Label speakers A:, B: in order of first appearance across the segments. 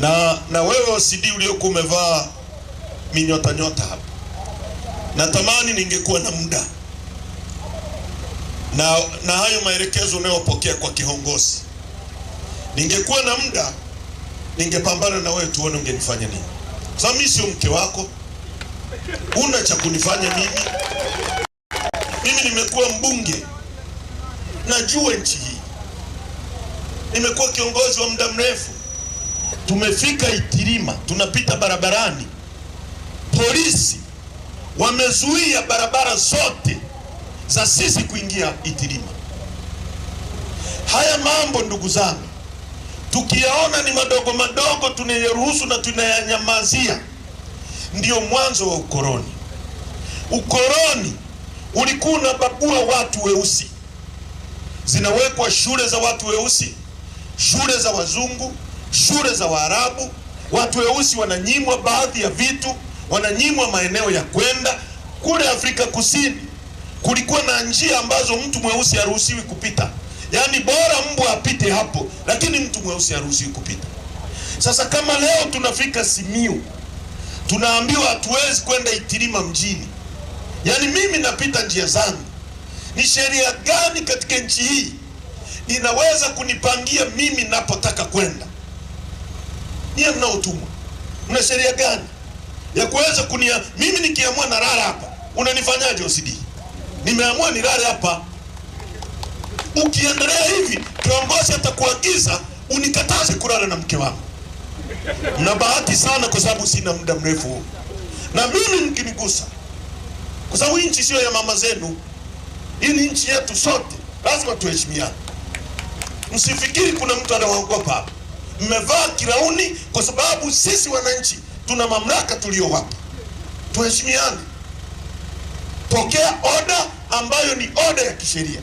A: na, na wewe OCD uliokuwa umevaa minyota nyota hapa, natamani ningekuwa na muda na, na hayo maelekezo unayopokea kwa kiongozi, ningekuwa na muda ningepambana na wewe tuone ungenifanya nini, Sasa mimi sio mke wako, una cha kunifanya mimi. Mimi nimekuwa mbunge, najua nchi hii, nimekuwa kiongozi wa muda mrefu Tumefika Itilima, tunapita barabarani, polisi wamezuia barabara zote za sisi kuingia Itilima. Haya mambo ndugu zangu, tukiyaona ni madogo madogo tunayaruhusu na tunayanyamazia, ndiyo mwanzo wa ukoloni. Ukoloni ulikuwa unabagua watu weusi, zinawekwa shule za watu weusi, shule za wazungu shule za Waarabu, watu weusi wananyimwa baadhi ya vitu, wananyimwa maeneo ya kwenda. Kule Afrika Kusini kulikuwa na njia ambazo mtu mweusi haruhusiwi kupita, yaani bora mbwa apite hapo, lakini mtu mweusi haruhusiwi kupita. Sasa kama leo tunafika Simiu, tunaambiwa hatuwezi kwenda Itilima mjini, yaani mimi napita njia zangu. Ni sheria gani katika nchi hii inaweza kunipangia mimi napotaka kwenda? Niye mnaotumwa mna sheria gani ya kuweza kunia? Mimi nikiamua na rara hapa, unanifanyaje OCD? Nimeamua ni rara hapa, ukiendelea hivi kiongozi atakuagiza unikataze kulala na mke wangu. na bahati sana, kwa sababu sina muda mrefu na mimi nikinigusa kwa sababu hii nchi sio ya mama zenu, hii ni nchi yetu sote, lazima tuheshimiane. Msifikiri kuna mtu anawaogopa hapa mmevaa kirauni, kwa sababu sisi wananchi tuna mamlaka tuliyowapa. Tuheshimiane, pokea oda ambayo ni oda ya kisheria.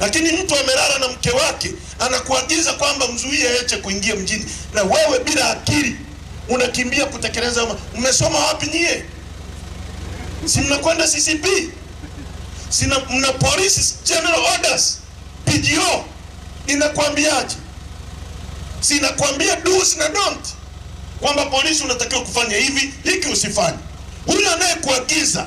A: Lakini mtu amelala na mke wake anakuagiza kwamba mzuie Heche kuingia mjini, na wewe bila akili unakimbia kutekeleza. Mmesoma wapi nyie? Si mnakwenda CCP? Si mna police general orders, PGO inakwambiaje? Sinakwambia do's na don't, kwamba polisi unatakiwa kufanya hivi, hiki usifanye. Huyo anayekuagiza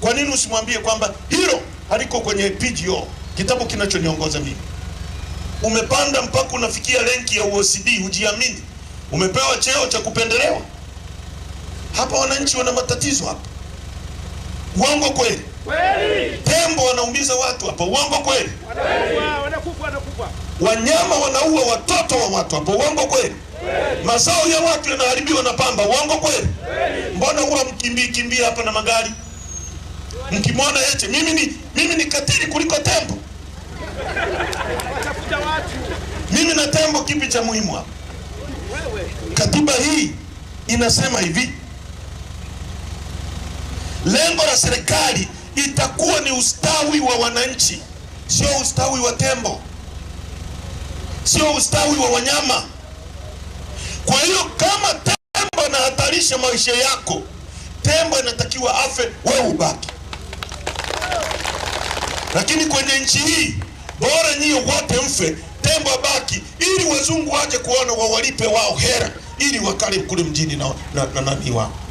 A: kwa nini usimwambie kwamba hilo haliko kwenye PGO, kitabu kinachoniongoza mimi? Umepanda mpaka unafikia renki ya uocd hujiamini, umepewa cheo cha kupendelewa. Hapa wananchi wana matatizo hapa. Uongo kweli? Kweli. Tembo wanaumiza watu hapa. Uongo Wanyama wanaua watoto wa watu, hapo uongo kweli? Mazao ya watu yanaharibiwa na pamba, uongo kweli? Mbona huwa mkimbii kimbia hapa na magari mkimwona eti mimi ni, mimi ni katili kuliko tembo? Mimi na tembo kipi cha muhimu hapa? Katiba hii inasema hivi, lengo la serikali itakuwa ni ustawi wa wananchi, sio ustawi wa tembo sio ustawi wa wanyama. Kwa hiyo kama tembo anahatarisha maisha yako, tembo inatakiwa afe, wewe ubaki. Lakini kwenye nchi hii bora nyie wote mfe, tembo abaki, ili wazungu waje kuona wawalipe wao hera, ili wakale kule mjini na, na, na wao